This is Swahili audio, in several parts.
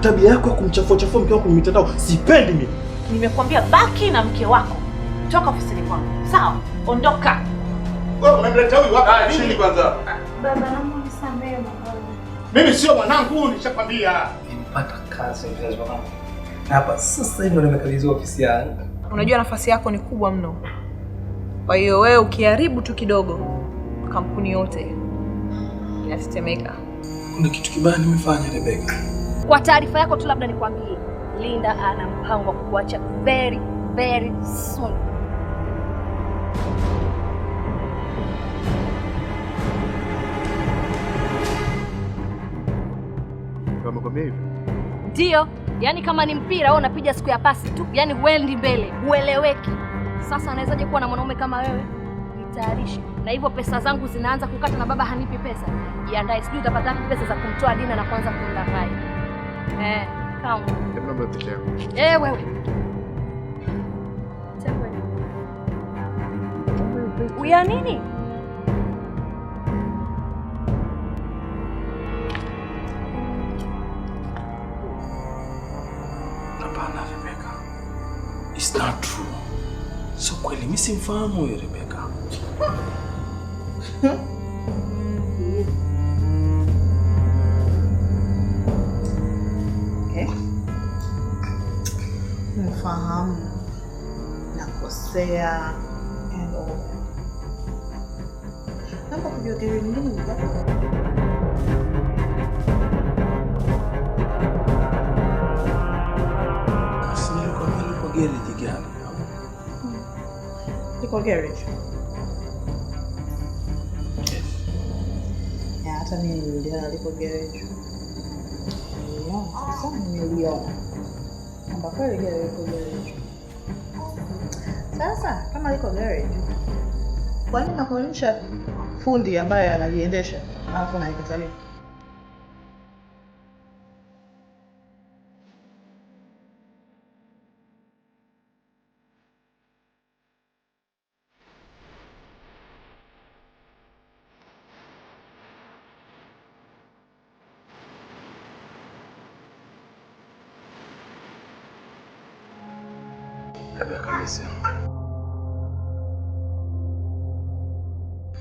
tabia yako ya kumchafua chafua mke wako kwenye mitandao sipendi mimi. Nimekwambia baki na mke wako, toka ofisini kwangu. Sawa, ondoka. Wewe unamleta huyu hapa chini kwanza. Baba, naomba unisamehe mwanangu. Mimi sio mwanangu, nishakwambia. Nimepata kazi mzazi wangu. hapa sasa hivi nimekabidhiwa ofisi yangu. Unajua nafasi yako ni kubwa mno, kwa hiyo wewe ukiharibu tu kidogo, kampuni yote inatetemeka. Kuna kitu kibaya nimefanya, Rebeka. Kwa taarifa yako tu labda nikwambie, Linda ana mpango wa kukuacha very very soon. Amekwambia hivyo? Ndiyo, yaani kama ni mpira wewe unapiga siku ya pasi tu, yaani huendi mbele, hueleweki. Sasa anawezaje kuwa na mwanaume kama wewe? Jitayarishe na hivyo, pesa zangu zinaanza kukata na baba hanipi pesa. Jiandae, sijui utapata pesa za kumtoa Dina na kuanza kumdanganya. Eh, kama. Hebu naomba Uya nini? Hapana, Rebeka. It's not true. So kweli mimi simfahamu huyo Rebeka. Hosea and all that. Naomba kujua gari lingine ni gani? Liko garage gani? Liko garage. Hata mimi niliona liko garage. Niliona, sasa niliona. Kwamba kweli gari liko garage. Sasa kama liko gari, kwa nini nakuonyesha fundi ambaye anajiendesha alafu naikatalia?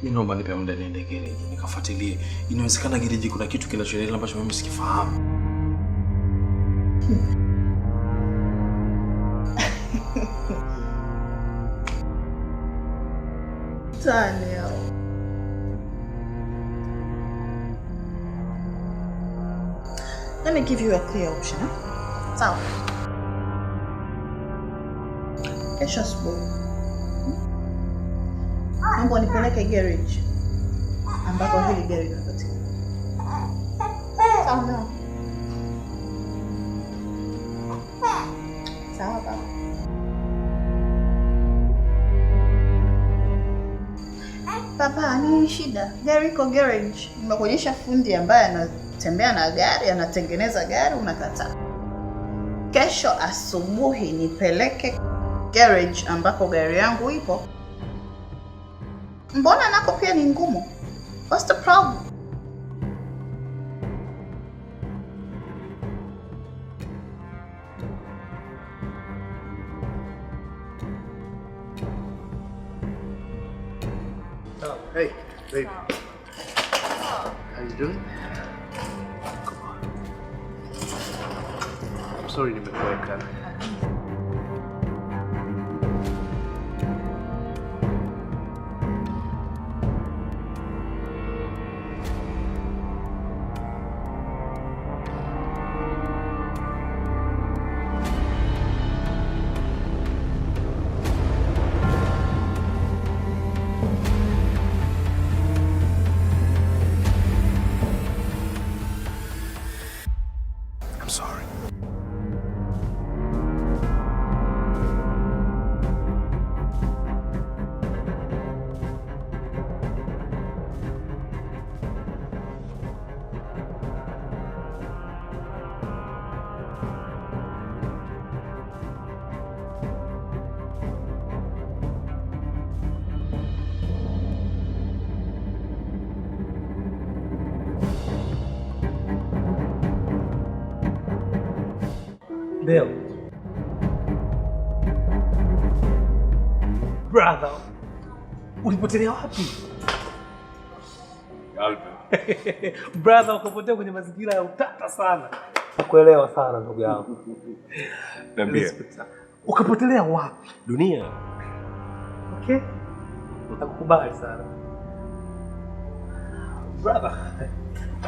Mimi naomba nipe muda niende gereji nikafuatilie, inawezekana gereji kuna kitu kinachoendelea ambacho mimi sikifahamu. Daniel. Let me give you a clear option. Eh? Sawa. Kesho asubuhi naomba unipeleke garage ambako hili gari linapatikana. Sawa sawa baba. Papa, nini shida? Gari iko garage. Nimekuonyesha fundi ambaye anatembea na gari, anatengeneza gari, unakataa. Kesho asubuhi nipeleke garage ambako gari yangu ipo. Mbona nako pia ni ngumu? What's the problem? Oh, hey, baby. built. Brother, ulipotelea wapi? Brother, ukapotea kwenye mazingira ya utata sana. Nakuelewa sana ndugu yangu. Niambie. Ukapotelea wapi? Dunia. Okay. Utakukubali sana. Brother,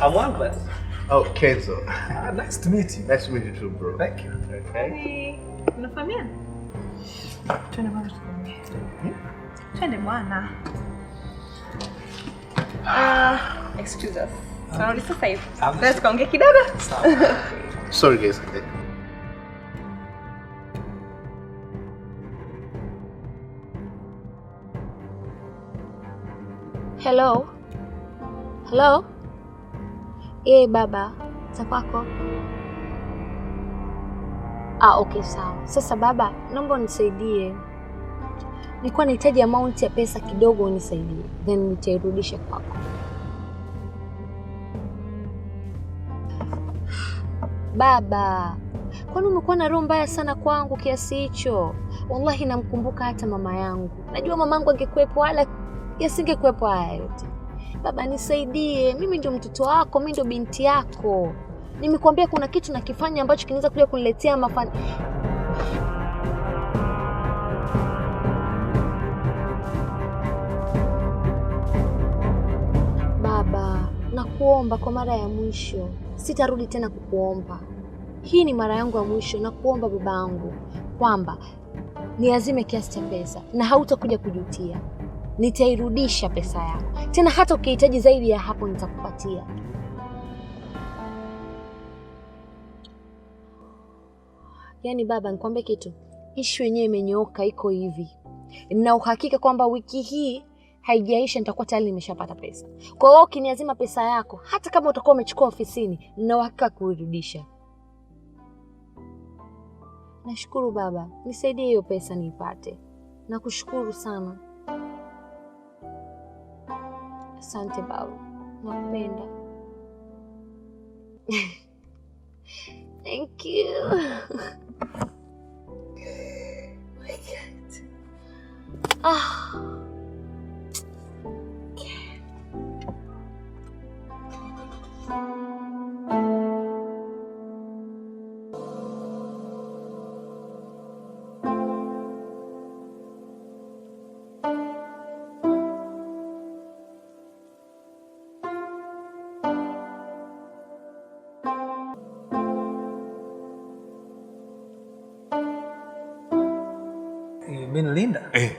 I'm one Oh, Kenzo. Ah, nice to meet you. Nice to meet you too, bro. Thank you. Okay. Unafahamiana? Twende kwanza tukaongee. Hmm? Twende bwana. Ah, excuse us. Tunarudi sasa hivi. Let's tukaongee Sorry guys. Hello. Hello. Yeye baba za kwako. Ah, okay sawa. Sasa baba, naomba unisaidie, nilikuwa nahitaji amount ya pesa kidogo, unisaidie then nitairudisha kwako. Baba, kwani umekuwa na roho mbaya sana kwangu kiasi hicho? Wallahi namkumbuka hata mama yangu, najua mamangu angekuwepo wala yasingekuwepo haya yote baba nisaidie, mimi ndio mtoto wako, mimi ndio binti yako. Nimekuambia kuna kitu nakifanya ambacho kinaweza kuja kuniletea mafani. Baba, nakuomba kwa mara ya mwisho, sitarudi tena kukuomba. Hii ni mara yangu ya mwisho, nakuomba babangu kwamba niazime kiasi cha pesa na hautakuja kujutia nitairudisha pesa yako tena, hata ukihitaji zaidi ya hapo nitakupatia. Yaani baba, nikwambie kitu, ishu yenyewe imenyooka, iko hivi na uhakika kwamba wiki hii haijaisha nitakuwa tayari nimeshapata pesa. Kwa hiyo ukiniazima pesa yako, hata kama utakuwa umechukua ofisini, nina uhakika kuirudisha. Nashukuru baba, nisaidie hiyo pesa niipate. Nakushukuru sana. asante babu, nakupenda. Thank you. Oh my God. Ah. Linda? Eh. eh.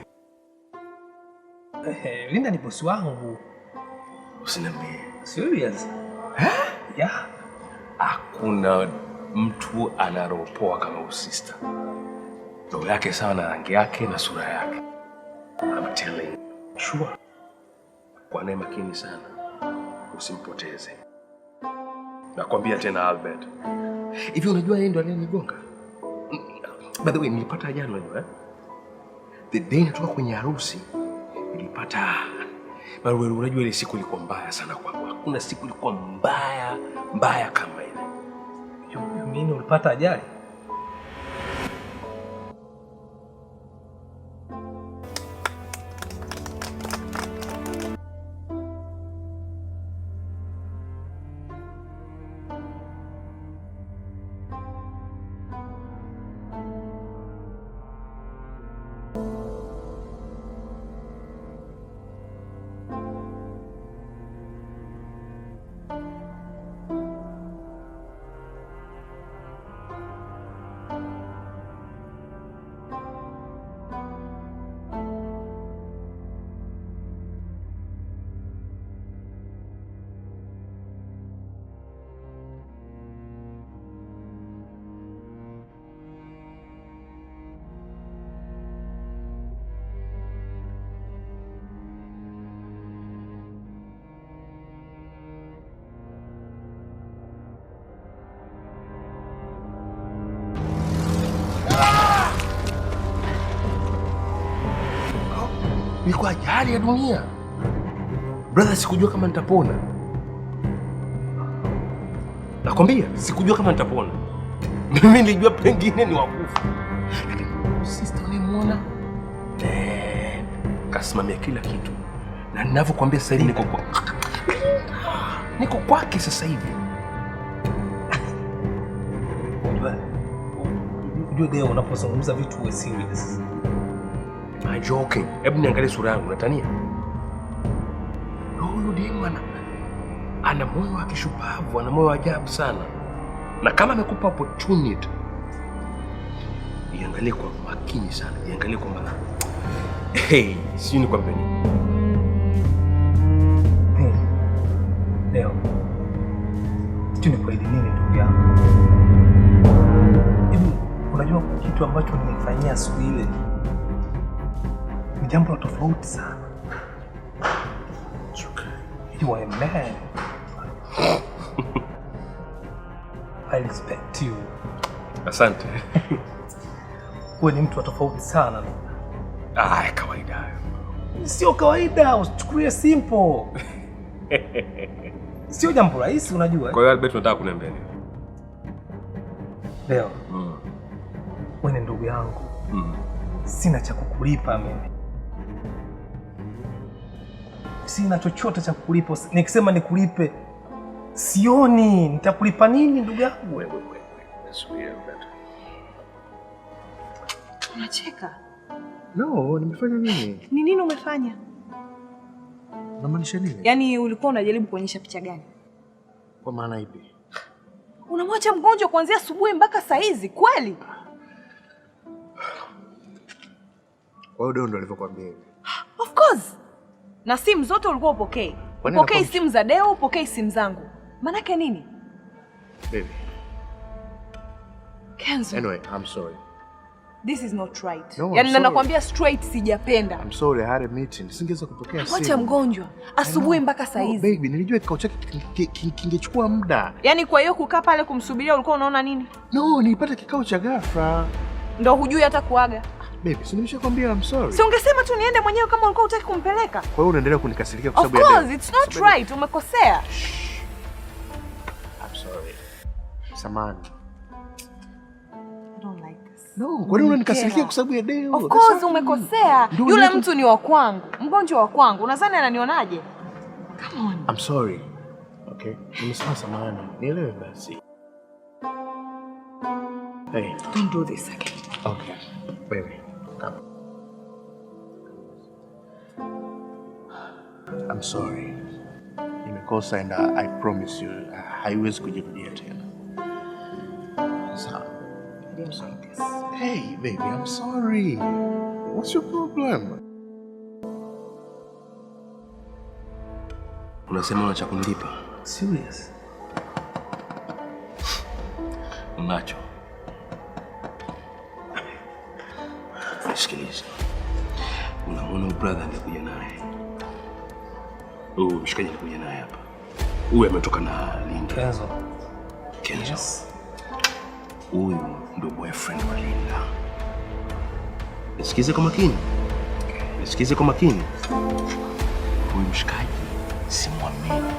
Eh, Linda ni bosi wangu. Usiniambie. Serious? Eh? Yeah. Hakuna mtu anaropoa kama usista. Roho yake sawa na rangi yake na sura yake. I'm telling. Sure. Kwa naye makini sana. Usimpoteze. Nakwambia tena Albert. Hivi unajua yeye ndo aliyenigonga? By the way, nilipata ajali unajua eh? The day natoka kwenye harusi nilipata Marwelu, unajua ile siku ilikuwa mbaya sana kwangu. Hakuna siku ilikuwa mbaya mbaya kama ile. Mimi ulipata ajali? ajali hali ya dunia. Brother, sikujua kama nitapona, nakwambia, sikujua kama nitapona. Mimi nilijua pengine ni wakufu, sister nimemwona eh, kasimamia kila kitu, na ninavyokuambia sasa hivi niko kwa niko kwake sasa hivi. Unajua, unapozungumza vitu wewe serious Ajoke, hebu niangalie sura yangu, natania huyu demu ana, ana moyo wa kishupavu, ana moyo wa ajabu sana, na kama amekupa opportunity, iangalie kwa makini sana, iangalie kwa maana Hey, si ni kwambia nini? Hey, leo kwa tunikuahidi nini ndugu yangu? Hivi unajua kitu ambacho nimefanyia siku ile jambo la tofauti sana. You are a man. I respect you. Asante. Wewe ni mtu wa tofauti sana. Ah, kawaida. Sio kawaida, usichukulie simple. Sio jambo rahisi unajua. Kwa hiyo Albert, unataka kuniambia nini? Leo. Mm. Wewe ni ndugu yangu. Mm. Sina cha kukulipa mimi sina chochote cha kukulipa. Nikisema nikulipe, sioni nitakulipa nini, ndugu yangu wewe. Unacheka? No, nimefanya nini? Ni nini umefanya? Unamaanisha nini? Yaani ulikuwa unajaribu kuonyesha picha gani? Kwa maana ipi? Unamwacha mgonjwa kuanzia asubuhi mpaka saa hizi kweli? Kwa hiyo ndio alivyokuambia. Of course na simu zote ulikuwa upokee. Upokee simu za Deo, upokee simu zangu, manake nini? Baby. Cancel. Anyway, I'm sorry. This is not right. No, yaani nakwambia straight sijapenda. I'm sorry, I had a meeting. Singeweza kupokea simu. Acha mgonjwa asubuhi mpaka saa hizi. Baby, nilijua kikao chake kingechukua muda. Yaani kwa hiyo kukaa pale kumsubiria ulikuwa unaona nini? No, nilipata kikao cha ghafla. Ndio hujui hata kuaga. Baby, si nimeshakwambia I'm sorry. Si ungesema tu niende mwenyewe kama ulikuwa hutaki kumpeleka. Kwa hiyo unaendelea kunikasirikia kwa sababu ya. Of course, it's not right. Umekosea. I'm sorry. Samani. No, kwa nini unanikasirikia kwa sababu ya Deo? Of course umekosea. Yule mtu ni wa kwangu. Mgonjwa wa kwangu. Unadhani ananionaje? Come on. I'm sorry. Okay. Nimesema samahani. Nielewe basi. Hey. Don't do this again. Okay. Wait, wait. Come. I'm sorry. Nimekosa and I, I promise you haiwezi kujirudia tena. Hey, baby, I'm sorry. What's your problem? Unasema una cha kunilipa? Serious? Unacho. Sikiliza, unaona brother alikuja naye huyu mshikaji alikuja naye hapa, huyu ametoka na Linda Kenzo. Kenzo huyu ndio boyfriend wa Linda. Nisikize kwa makini, nisikize kwa makini. Huyu mshikaji simwamini.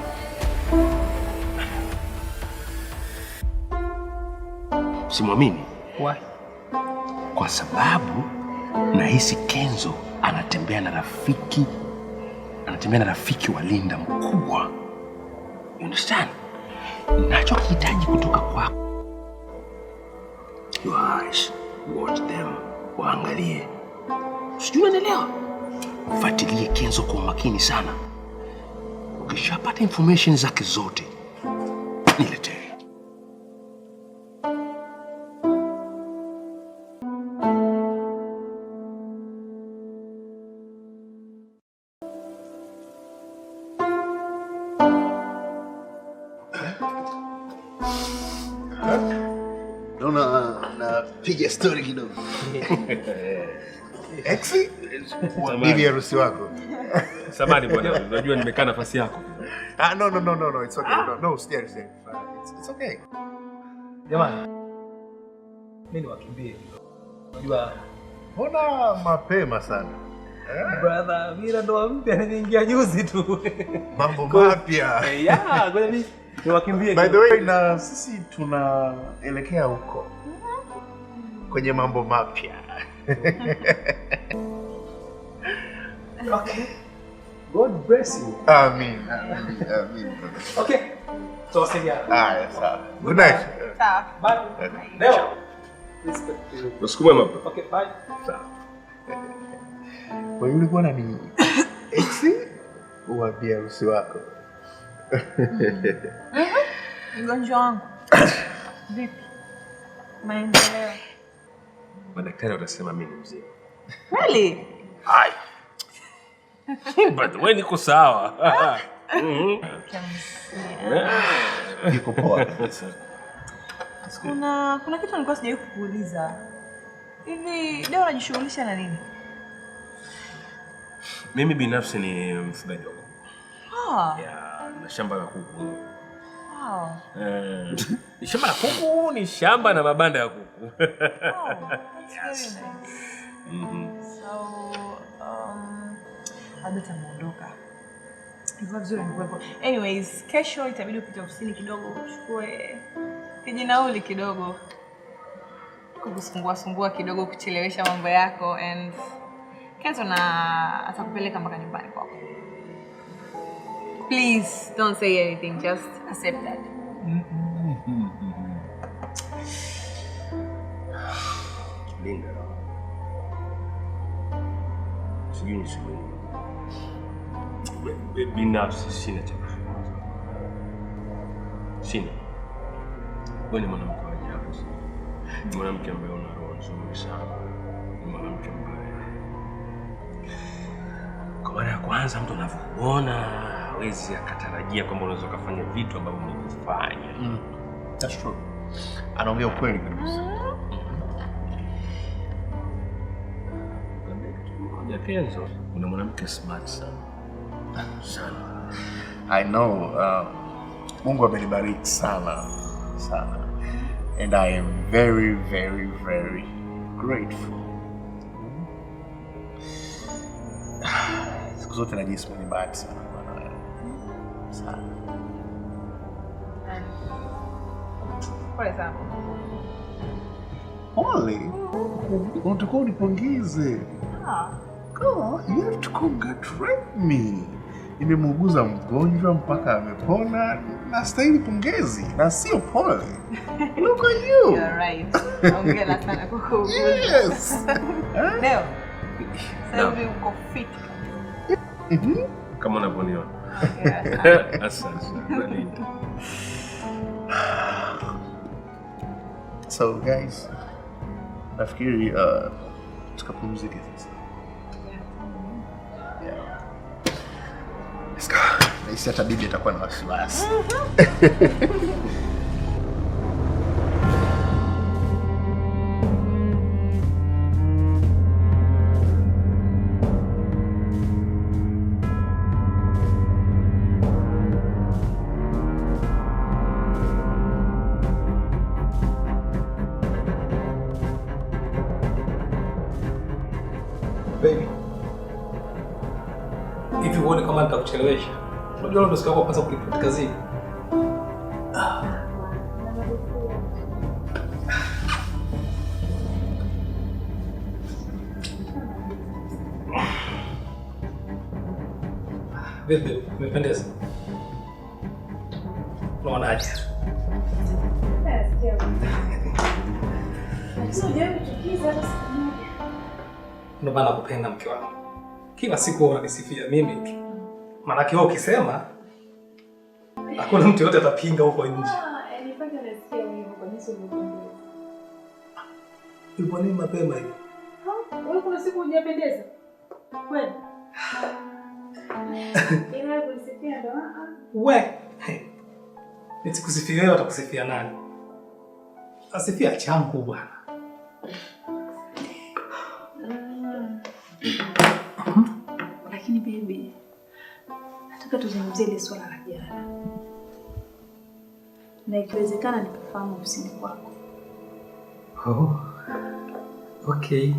Simwamini kwa sababu nahisi Kenzo anatembea na rafiki, anatembea na rafiki wa Linda mkubwa. You understand? Nachokihitaji kutoka kwako, eyes watch them, waangalie, sijui unaelewa. Fuatilie Kenzo kwa umakini sana. Ukishapata information zake zote niletee. piga story kidogo. Ex bibi harusi wako. samani bwana, unajua nimekaa nafasi yako. Ah, no no no no no, it's okay. No, no, stay there. It's, okay. Jamani. Mimi niwakimbie. Unajua mbona mapema sana? Eh? Brother, mira ndo mpya niliingia juzi tu. Mambo mapya. Yeah, ngoja mimi niwakimbie. By the way, na sisi tunaelekea huko kwenye mambo mapya. Okay. God bless you. Amen. Amen. ya. Ah, yes, sir. Good night. Sir. Bye. Leo. Usikome mapema. Okay, bye. Sawa. Kwa yule bwana ni ex wa bi harusi wako. Mm-hmm. Mgonjwa wangu. Vipi? Maendeleo madaktari watasema mi ni mzima. Kweli? Hai. But niko sawa. Mm-hmm. Kuna kuna kitu nilikuwa sijawahi kukuuliza. Hivi leo unajishughulisha na nini? Mimi binafsi ni mfugaji wa kuku. Ah. na shamba la kuku. Wow. Eh, shamba la kuku ni shamba na mabanda ya kuku oh, mm-hmm. um, Ilikuwa vizuri nikuwepo. Anyways, kesho itabidi upite ofisini kidogo uchukue kijinauli kidogo kukusumbua sumbua kidogo kuchelewesha mambo yako and Kenzo na atakupeleka mpaka nyumbani kwako. Please don't say anything, just accept that. Mm-hmm. Mm-hmm. Linda sijui Binafsi sina cha kuzungumza, sina. Wewe ni mwanamke wa ajabu ni mwanamke ambaye una roho nzuri sana, ni mwanamke ambaye kwa mara ya kwanza mtu anavyokuona hawezi akatarajia kwamba unaweza ukafanya vitu ambavyo umevifanya. Mm. Anaongea ukweli kabisa. mapendekezo. Una mwanamke smart sana sana. I know. Uh, Mungu amenibariki sana sana and I am very very very grateful. Siku zote najisikia mwenye bahati sana Sana. Pole sana. Pole. Unatakiwa unipongeze. Ah. Oh, Left imemuuguza mgonjwa mpaka amepona, na stahili pongezi na sio pole. Look at you. right. sana kwa Yes. Eh? Leo. Sasa hivi uko fit. Mhm. Kama unavyoniona. So guys, nafikiri uh, tukapumzike sasa. si hata bibi atakuwa na wasiwasi. Baby, hivi uone kama nitakuchelewesha? Unajua leo ndo siku yako kwanza kuripoti kazini. Vipi, umependeza? Unaonaje? Ndio maana kupenda mke wangu, kila siku unanisifia mimi tu Maanake wewe ukisema hakuna mtu yote atapinga huko nje. Ah, eh, Ipo nini mapema hiyo? Wewe kuna siku hujapendeza. Kweli? Ah, ah. Nitakusifia wewe, atakusifia nani? Asifia changu bwana. Nataka tuzungumzie ile swala la jana, na ikiwezekana nikufahamu ofisini kwako. Oh, okay.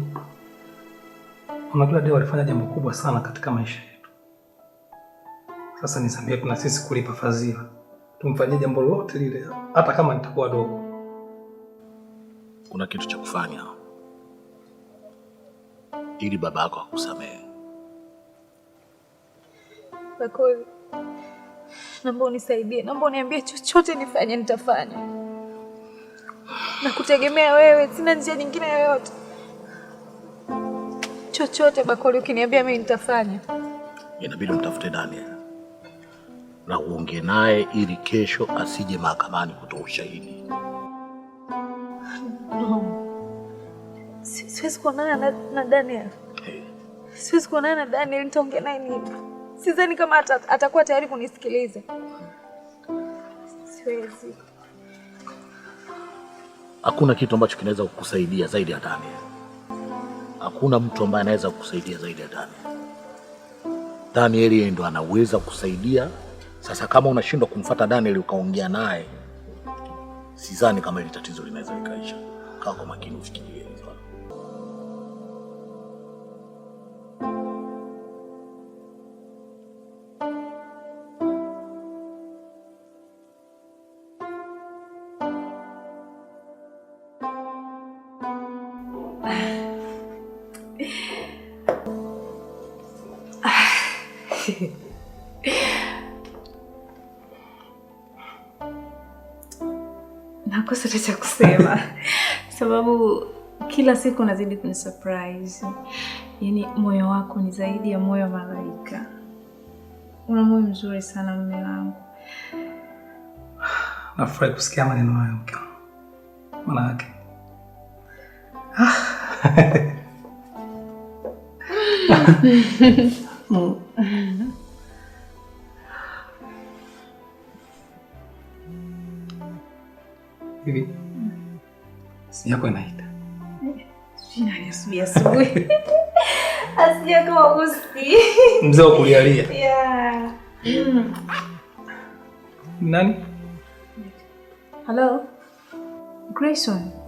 Unajua Deo walifanya jambo kubwa sana katika maisha yetu. Sasa nisamehe, kuna sisi kulipa fadhila, tumfanyie jambo lolote lile, hata kama nitakuwa dogo. Kuna kitu cha kufanya ili baba yako akusamehe. Bakoli, naomba unisaidie, naomba uniambie chochote nifanye, nitafanya. na kutegemea wewe, sina njia nyingine yoyote. Chochote Bakoli, ukiniambia mimi nitafanya. Inabidi mtafute nani na uongee naye ili kesho asije mahakamani kutoa ushahidi. No. Siwezi kuonana na Daniel. Eh. Siwezi kuonana na Daniel, nitaongea naye nini? sizani kama atakuwa tayari kunisikiliza. Siwezi. Hakuna kitu ambacho kinaweza kukusaidia zaidi ya Dani. Hakuna mtu ambaye anaweza kukusaidia zaidi ya Dani. yeye ndo anaweza kusaidia. Sasa kama unashindwa kumfata daniel ukaongea naye, sidhani kama ili tatizo linaweza likaisha. Kaa kwa makini ufikirie. kila siku unazidi kunisurprise. Yaani moyo wako ni zaidi ya moyo wa malaika. Una moyo mzuri sana mume wangu. Nafurahi kusikia maneno hayo mke wangu. Maana Ah. hivi simu yako inaita asubuhi asubuhi asija kama Agosti mzee wa kulialia yeah. mm. Nani? Hello Grayson.